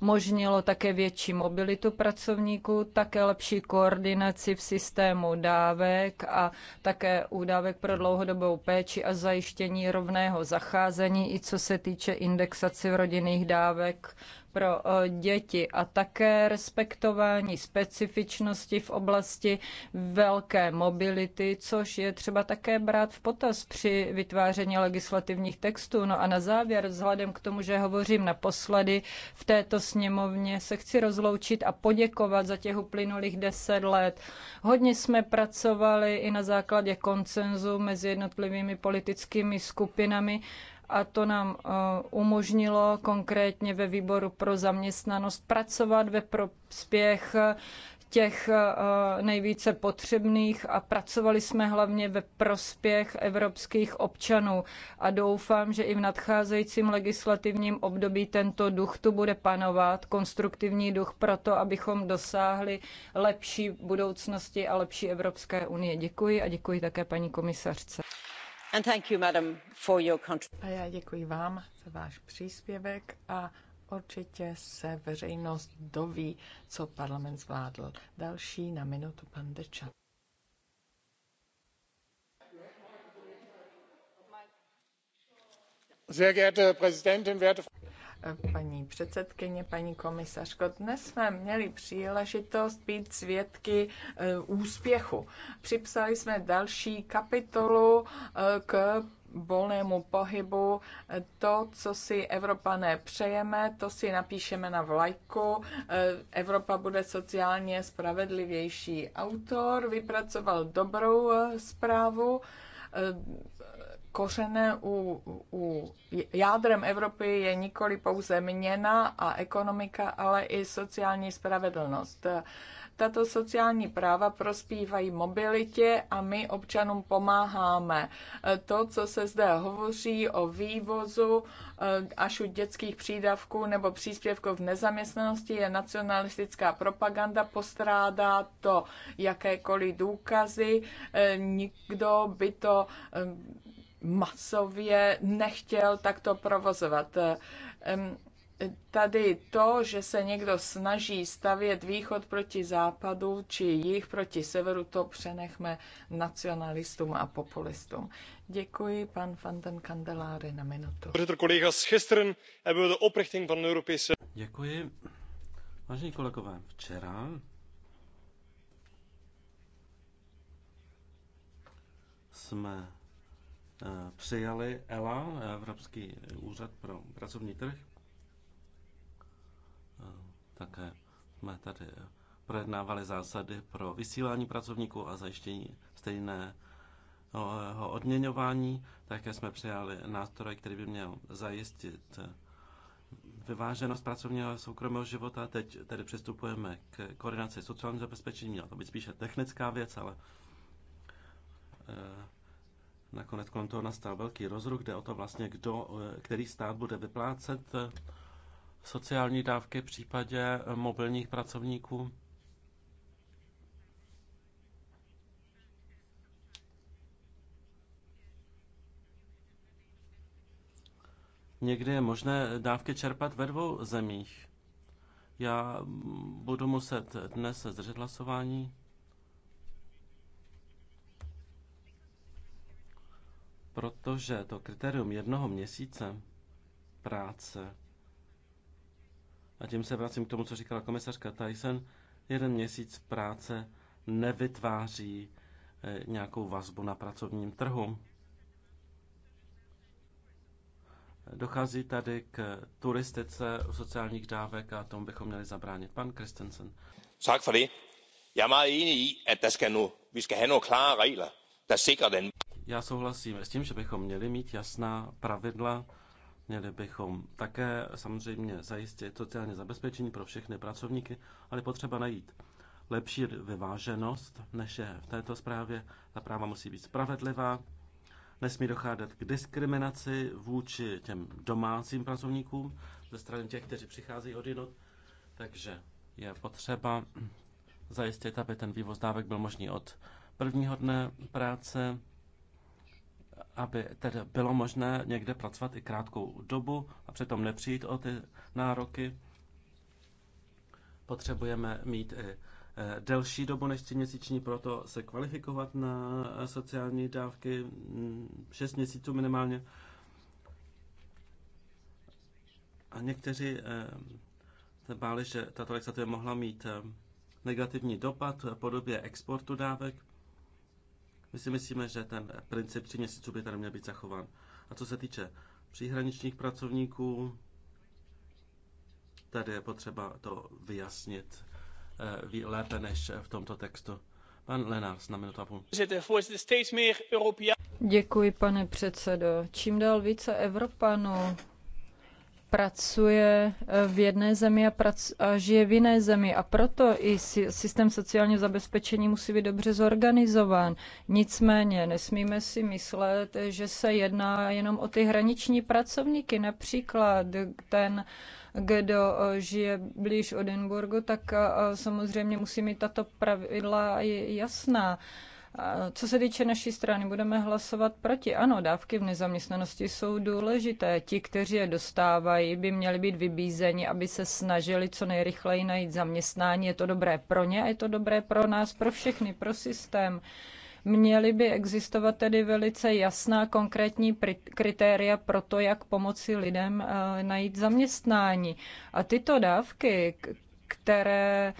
umožnilo také větší mobilitu pracovníků, také lepší koordinaci v systému dávek a také údávek pro dlouhodobou péči a zajištění rovného zacházení, i co se týče indexace rodinných dávek pro eh, děti a také respektování specifičnosti v oblasti velké mobility, což je třeba také brát v potaz při vytváření legislativních textů. No a na závěr, vzhledem k tomu, že hovořím naposledy v této sněmovně, se chci rozloučit a poděkovat za těch uplynulých deset let. Hodně jsme pracovali i na základě koncenzu mezi jednotlivými politickými skupinami, a to nám eh, umožnilo konkrétně ve výboru pro zaměstnanost pracovat ve prospěch těch eh, nejvíce potřebných a pracovali jsme hlavně ve prospěch evropských občanů. A doufám, že i v nadcházejícím legislativním období tento duch tu bude panovat, konstruktivní duch pro to, abychom dosáhli lepší budoucnosti a lepší Evropské unie. Děkuji a děkuji také paní komisařce já děkuji vám za váš příspěvek a určitě se veřejnost doví, co parlament zvládl. Další na minutu pan Deča. Sehr geehrte Präsidentin, werte paní předsedkyně, paní komisařko. Dnes jsme měli příležitost být svědky e, úspěchu. Připsali jsme další kapitolu e, k volnému pohybu. E, to, co si Evropané přejeme, to si napíšeme na vlajku. Evropa bude sociálně spravedlivější. Autor vypracoval dobrou zprávu kořené u, u jádrem Evropy je nikoli pouze měna a ekonomika, ale i sociální spravedlnost. Tato sociální práva prospívají mobilitě a my občanům pomáháme. To, co se zde hovoří o vývozu eh, až u dětských přídavků nebo příspěvků v nezaměstnanosti, je nacionalistická propaganda, postrádá to jakékoliv důkazy, eh, nikdo by to eh, masově nechtěl takto provozovat. Tady to, že se někdo snaží stavět východ proti západu či jich proti severu, to přenechme nacionalistům a populistům. Děkuji, pan Fanten Kandeláry, na minutu. Děkuji. Vážení kolegové, včera jsme Eh, přijali ELA, Evropský úřad pro pracovní trh. Eh, také jsme tady projednávali zásady pro vysílání pracovníků a zajištění stejné odměňování. Také jsme přijali nástroj, který by měl zajistit vyváženost pracovního a soukromého života. Teď tedy přistupujeme k koordinaci sociálního zabezpečení. Měla to být spíše technická věc, ale eh, Nakonec kolem toho nastal velký rozruch, jde o to vlastně, kdo, eh, který stát bude vyplácet eh, sociální dávky v případě eh, mobilních pracovníků. Někdy je možné dávky čerpat ve dvou zemích. Já mm, budu muset dnes zdržet hlasování. protože to kritérium jednoho měsíce práce, a tím se vracím k tomu, co říkala komisařka Tyson, jeden měsíc práce nevytváří eh, nějakou vazbu na pracovním trhu. Dochází tady k turistice sociálních dávek a tomu bychom měli zabránit. Pan Christensen. Tak for det. Jeg er meget enig i, at der skal no, vi skal have nogle klare regler, der sikrer den já souhlasím s tím, že bychom měli mít jasná pravidla, měli bychom také samozřejmě zajistit sociální zabezpečení pro všechny pracovníky, ale potřeba najít lepší vyváženost, než je v této zprávě. Ta práva musí být spravedlivá, nesmí docházet k diskriminaci vůči těm domácím pracovníkům ze strany těch, kteří přichází od jinot. Takže je potřeba zajistit, aby ten vývoz dávek byl možný od prvního dne práce aby tedy bylo možné někde pracovat i krátkou dobu a přitom nepřijít o ty nároky. Potřebujeme mít i e, delší dobu než tři měsíční, proto se kvalifikovat na e, sociální dávky 6 mm, měsíců minimálně. A někteří e, se báli, že tato legislativa mohla mít negativní dopad v podobě exportu dávek. My si myslíme, že ten princip tři měsíců by tady měl být zachován. A co se týče příhraničních pracovníků, tady je potřeba to vyjasnit eh, lépe než v tomto textu. Pan Lenars na minutu a půl. Děkuji, pane předsedo. Čím dál více Evropanů pracuje eh, v jedné zemi a, prac- a žije v jiné zemi. A proto i systém sociálního zabezpečení musí být dobře zorganizován. Nicméně nesmíme si myslet, že se jedná jenom o ty hraniční pracovníky. Například ten, kdo eh, žije blíž Odenburgu, tak eh, samozřejmě musí mít tato pravidla jasná. Co se týče naší strany, budeme hlasovat proti. Ano, dávky v nezaměstnanosti jsou důležité. Ti, kteří je dostávají, by měli být vybízeni, aby se snažili co nejrychleji najít zaměstnání. Je to dobré pro ně a je to dobré pro nás, pro všechny, pro systém. Měly by existovat tedy velice jasná konkrétní kritéria pro to, jak pomoci lidem eh, najít zaměstnání. A tyto dávky, které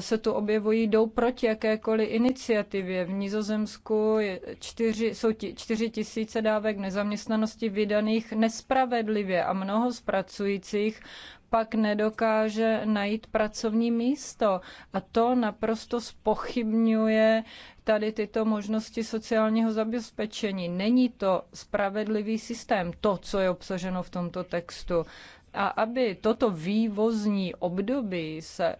se tu objevují, jdou proti jakékoliv iniciativě. V Nizozemsku je čtyři, jsou ti, čtyři tisíce dávek nezaměstnanosti vydaných nespravedlivě a mnoho z pracujících pak nedokáže najít pracovní místo. A to naprosto spochybňuje tady tyto možnosti sociálního zabezpečení. Není to spravedlivý systém, to, co je obsaženo v tomto textu. A aby toto vývozní období se eh,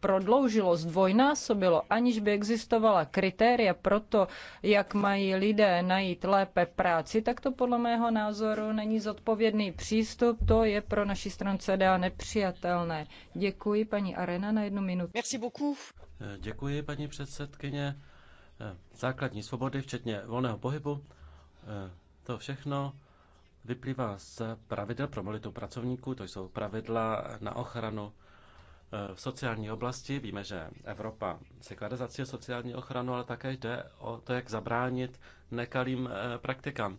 prodloužilo, zdvojnásobilo, aniž by existovala kritéria pro to, jak mají lidé najít lépe práci, tak to podle mého názoru není zodpovědný přístup. To je pro naši stranu CDA nepřijatelné. Děkuji, paní Arena, na jednu minutu. Merci beaucoup. Eh, děkuji, paní předsedkyně. Eh, základní svobody, včetně volného pohybu, to všechno vyplývá z pravidel pro mobilitu pracovníků, to jsou pravidla na ochranu eh, v sociální oblasti. Víme, že Evropa se klade za cíl sociální ochranu, ale také jde o to, jak zabránit nekalým eh, praktikám.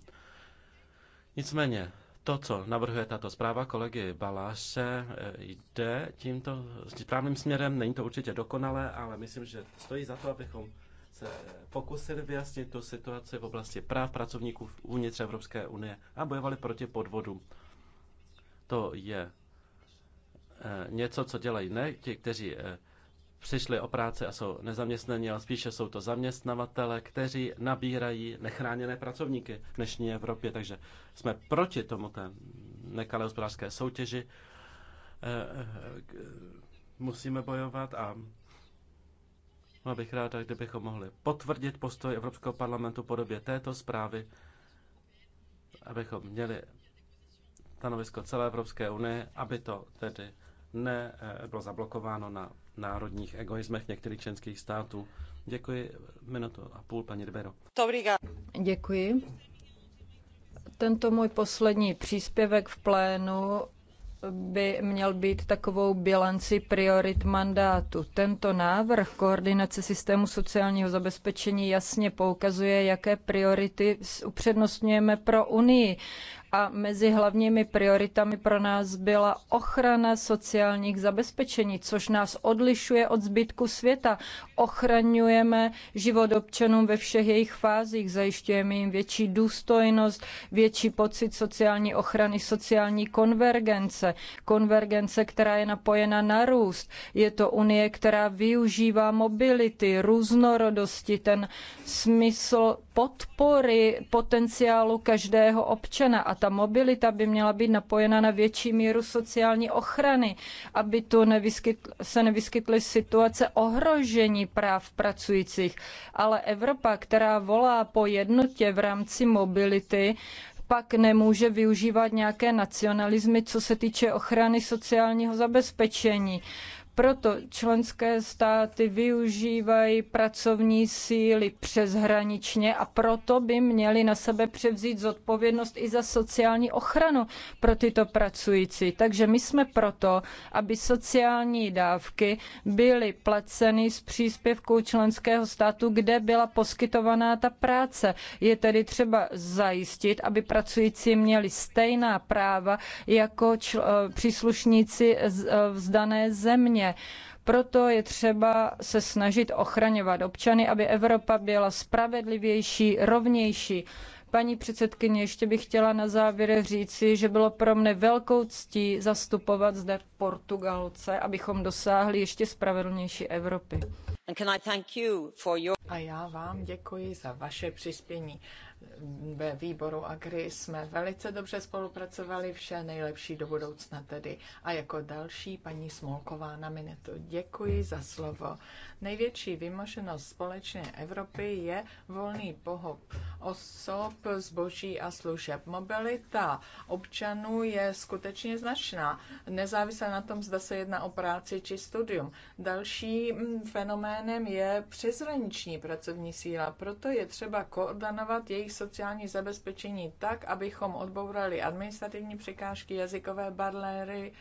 Nicméně to, co navrhuje tato zpráva kolegy Baláše, eh, jde tímto správným směrem. Není to určitě dokonalé, ale myslím, že stojí za to, abychom se pokusili vyjasnit tu situaci v oblasti práv pracovníků uvnitř Evropské unie a bojovali proti podvodům. To je eh, něco, co dělají ne ti, kteří eh, přišli o práci a jsou nezaměstnaní, ale spíše jsou to zaměstnavatele, kteří nabírají nechráněné pracovníky v dnešní Evropě. Takže jsme proti tomu té nekalé hospodářské soutěži. Eh, musíme bojovat a byla no, bych ráda, kdybychom mohli potvrdit postoj Evropského parlamentu v podobě této zprávy, abychom měli stanovisko celé Evropské unie, aby to tedy ne eh, bylo zablokováno na národních egoismech některých členských států. Děkuji. Minutu a půl, paní Ribero. Děkuji. Tento můj poslední příspěvek v plénu by měl být takovou bilanci priorit mandátu. Tento návrh koordinace systému sociálního zabezpečení jasně poukazuje, jaké priority upřednostňujeme pro Unii a mezi hlavními prioritami pro nás byla ochrana sociálních zabezpečení, což nás odlišuje od zbytku světa. Ochraňujeme život občanům ve všech jejich fázích, zajišťujeme jim větší důstojnost, větší pocit sociální ochrany, sociální konvergence, konvergence, která je napojena na růst. Je to unie, která využívá mobility, různorodosti, ten smysl podpory potenciálu každého občana a ta mobilita by měla být napojena na větší míru sociální ochrany, aby tu nevyskytl, se nevyskytly situace ohrožení práv pracujících. Ale Evropa, která volá po jednotě v rámci mobility, pak nemůže využívat nějaké nacionalismy, co se týče ochrany sociálního zabezpečení proto členské státy využívají pracovní síly přeshraničně a proto by měly na sebe převzít zodpovědnost i za sociální ochranu pro tyto pracující. Takže my jsme proto, aby sociální dávky byly placeny z příspěvku členského státu, kde byla poskytovaná ta práce. Je tedy třeba zajistit, aby pracující měli stejná práva jako eh, příslušníci eh, z, dané země země. Proto je třeba se snažit ochraňovat občany, aby Evropa byla spravedlivější, rovnější. Paní předsedkyně, ještě bych chtěla na závěr říci, že bylo pro mne velkou ctí zastupovat zde Portugalce, abychom dosáhli ještě spravedlnější Evropy. A já vám děkuji za vaše přispění ve výboru Agri jsme velice dobře spolupracovali, vše nejlepší do budoucna tedy. A jako další paní Smolková na minutu. Děkuji za slovo. Největší vymoženost společné Evropy je volný pohyb osob, zboží a služeb. Mobilita občanů je skutečně značná, nezávisle na tom, zda se jedná o práci či studium. Dalším fenoménem je přeshraniční pracovní síla, proto je třeba koordinovat jejich jejich sociální zabezpečení tak, abychom odbourali administrativní překážky, jazykové barléry,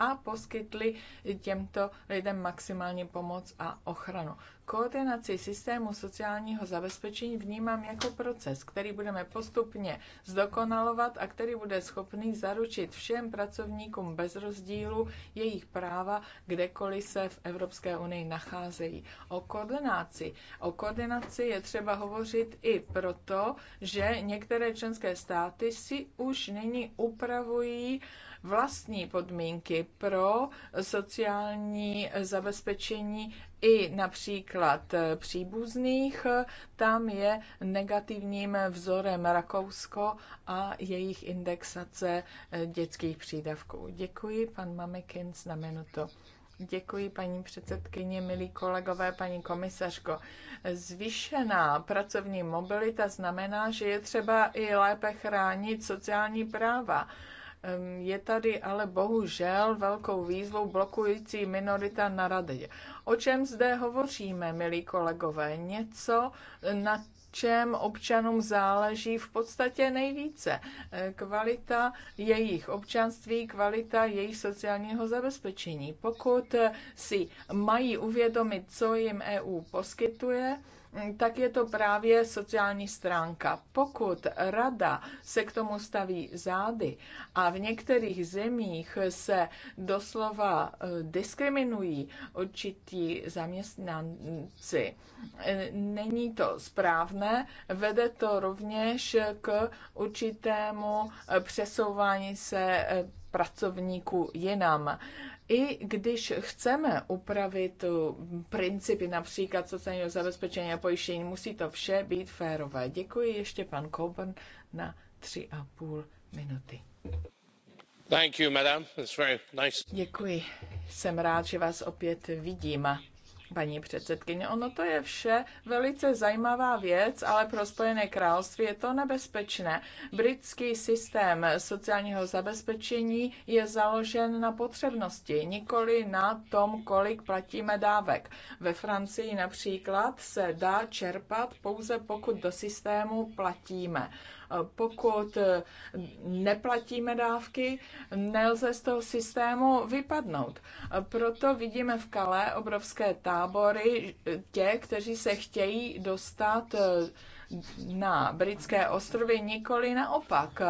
a poskytli těmto lidem maximální pomoc a ochranu. Koordinaci systému sociálního zabezpečení vnímám jako proces, který budeme postupně zdokonalovat a který bude schopný zaručit všem pracovníkům bez rozdílu jejich práva, kdekoliv se v Evropské unii nacházejí. O koordinaci. O koordinaci je třeba hovořit i proto, že některé členské státy si už nyní upravují uh, vlastní podmínky pro sociální zabezpečení i například příbuzných. Tam je negativním vzorem Rakousko a jejich indexace dětských přídavků. Děkuji, pan Mamekins, na minutu. Děkuji, paní předsedkyně, milí kolegové, paní komisařko. Zvýšená pracovní mobilita znamená, že je třeba i lépe chránit sociální práva je tady ale bohužel velkou výzvou blokující minorita na radě. O čem zde hovoříme, milí kolegové? Něco, na čem občanům záleží v podstatě nejvíce. Kvalita jejich občanství, kvalita jejich sociálního zabezpečení. Pokud si mají uvědomit, co jim EU poskytuje, tak je to právě sociální stránka. Pokud rada se k tomu staví zády a v některých zemích se doslova eh, diskriminují určití zaměstnanci, eh, není to správné, vede to rovněž k určitému eh, přesouvání se pracovníků jinam i když chceme upravit uh, principy například sociálního zabezpečení a pojištění, musí to vše být férové. Děkuji ještě pan Coburn na tři a půl minuty. Thank you, madam. It's very nice. Děkuji. Jsem rád, že vás opět vidím. Paní předsedkyně, ono to je vše velice zajímavá věc, ale pro Spojené království je to nebezpečné. Britský systém sociálního zabezpečení je založen na potřebnosti, nikoli na tom, kolik platíme dávek. Ve Francii například se dá čerpat pouze pokud do systému platíme pokud neplatíme dávky, nelze z toho systému vypadnout. Proto vidíme v Kale obrovské tábory těch, kteří se chtějí dostat eh, na britské ostrovy, nikoli naopak.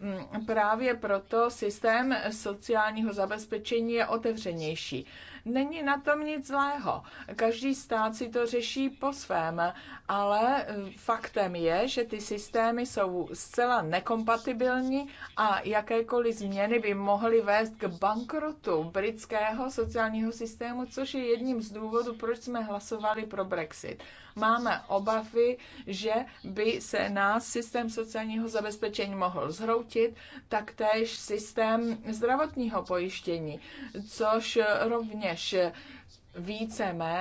Mm, právě proto systém sociálního zabezpečení je otevřenější. Není na tom nic zlého. Každý stát si to řeší po svém, ale eh, faktem je, že ty systémy jsou zcela nekompatibilní a jakékoliv změny by mohly vést k bankrotu britského sociálního systému, což je jedním z důvodů, proč jsme hlasovali pro Brexit. Máme obavy, že by se nás systém sociálního zabezpečení mohl zhroutit, tak též systém zdravotního pojištění, což rovněž více méně